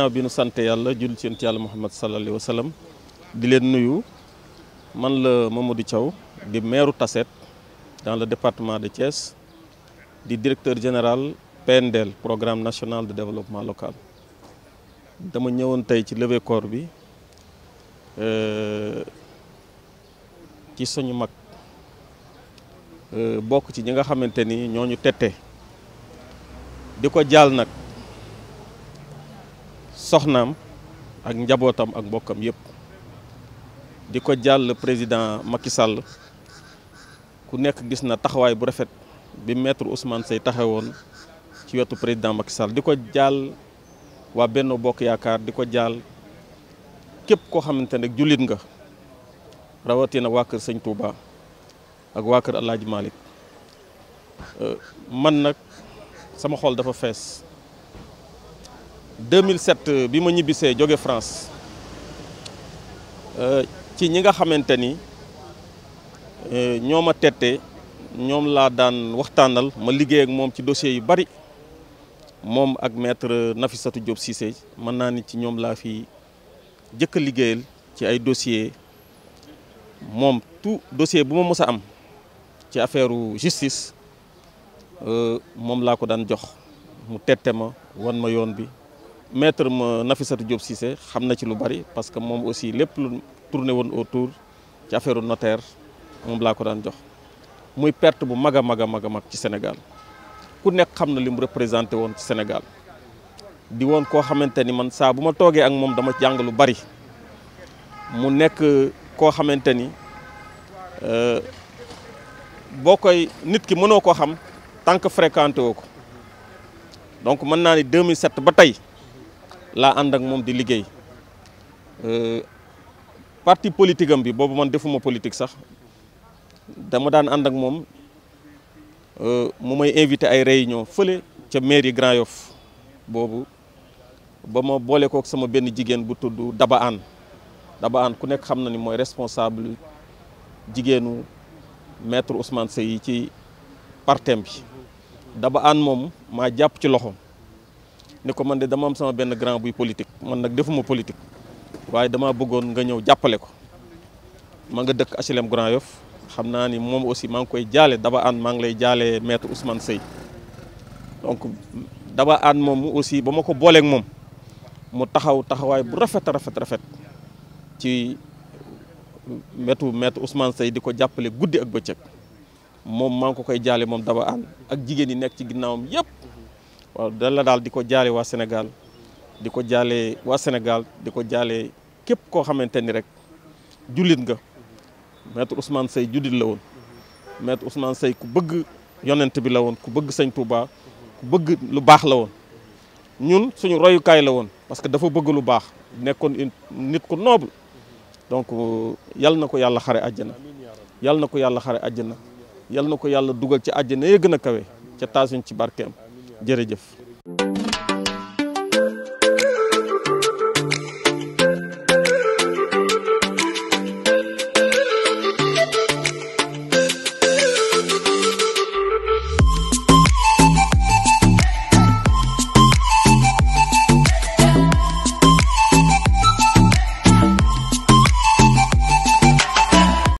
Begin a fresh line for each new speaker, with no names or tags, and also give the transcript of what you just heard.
ginnaaw bi nu sante yalla jul ci yalla Muhammad sallallahu alaihi wasallam di len nuyu man la Mamadou Thiaw di maire Tasset dans le département de Thiès di directeur général PNDL programme national de développement local dama ñewon tay ci lever corps bi euh, ci suñu euh, ci ñi nga ni ñoo ñu di soxnaam ak njabootam ak mbokkam yépp di ko jàll président Macky Sall ku nekk gis na taxawaay bu rafet bi maître Ousmane Seye taxawoon ci wetu président Macky Sall di ko jàll waa Benno Bokk Yaakaar di ko képp koo xamante ne jullit nga rawatina waa kër Sëñ Touba ak waa kër El euh, man nak sama xol dafa fees 2007 bi ma ñibbisee jóge France euh, ci ñi nga xamante ni euh, ñoo ma tette ñoom laa daan waxtaanal ma liggéey ak moom ci dossier yu bari moom ak maître Nafissatou Diop Cissé mën naa ni ci ñoom laa fi jëkk liggéeyal ci ay dossier moom tout dossier bu ma mës a am ci affaire justice euh, moom laa ko daan jox mu tette ma wan ma yoon bi maître ma Nafissatou Diop Cissé xam na ci lu bari parce que mom aussi lepp lu tourner won autour ci affaire notaire mom laa ko dan jox muy perte bu maga maga maga a mag ci Sénégal ku nek xam na li mu représenté woon ci Sénégal di won ko xamanteni man sa buma togué ak mom dama jàng lu bari mu nek ko xamanteni euh boo nit ki mëno ko xam tank fréquenté woko donc man naa ni 2007 ba tey. La ànd ak moom di euh parti politique am bi bobu man defuma politique sax dama dan ànd ak moom euh, mu may inviter ay réunion feulé ca mairie Grand Yoff bobu bama bolé ko ak sama benn jigen bu tuddu Daba An Daba An ku nek xamna ni moy responsable jigéenu maître Ousmane sey ci partem bi Daba An mom ma jàpp ci loxom ne ko man de dama am sama benn grand buy politique man nag defuma politique waaye dama bëggoon nga ñëw jàppale ko ma nga dëkk HLM Grand Yoff xam naa ni moom aussi maa ngi koy jaale Daba Anne maa ngi lay jaale maître Ousmane Seye donc Daba Anne moom aussi ba ma ko booleek moom mu taxaw taxawaay bu rafet rafet rafet ci maître maître Ousmane Seye di ko jàppale guddi ak bëccëg moom maa ngi ko koy jaale moom Daba Anne ak jigéen yi nekk ci ginnaawam yëpp. waaw dal la daal di ko jaale waa Sénégal di ko jaale waa Sénégal di ko jaale képp koo xamante ni rek jullit nga maître Ousmane Seye jullit la woon maître Ousmane Seye ku bëgg yonent bi la woon ku bëgg sañ Touba ku bëgg lu baax la woon ñun suñu royukaay la woon parce que dafa bëgg lu baax nekkoon nit ko noble donc euh, yal na ko yàlla xare àjjana yal na ko yàlla xare àjjana yal na ko yàlla dugal ci àjjana ya gën a kawe ca taasuñ ci barkeem jërëjëf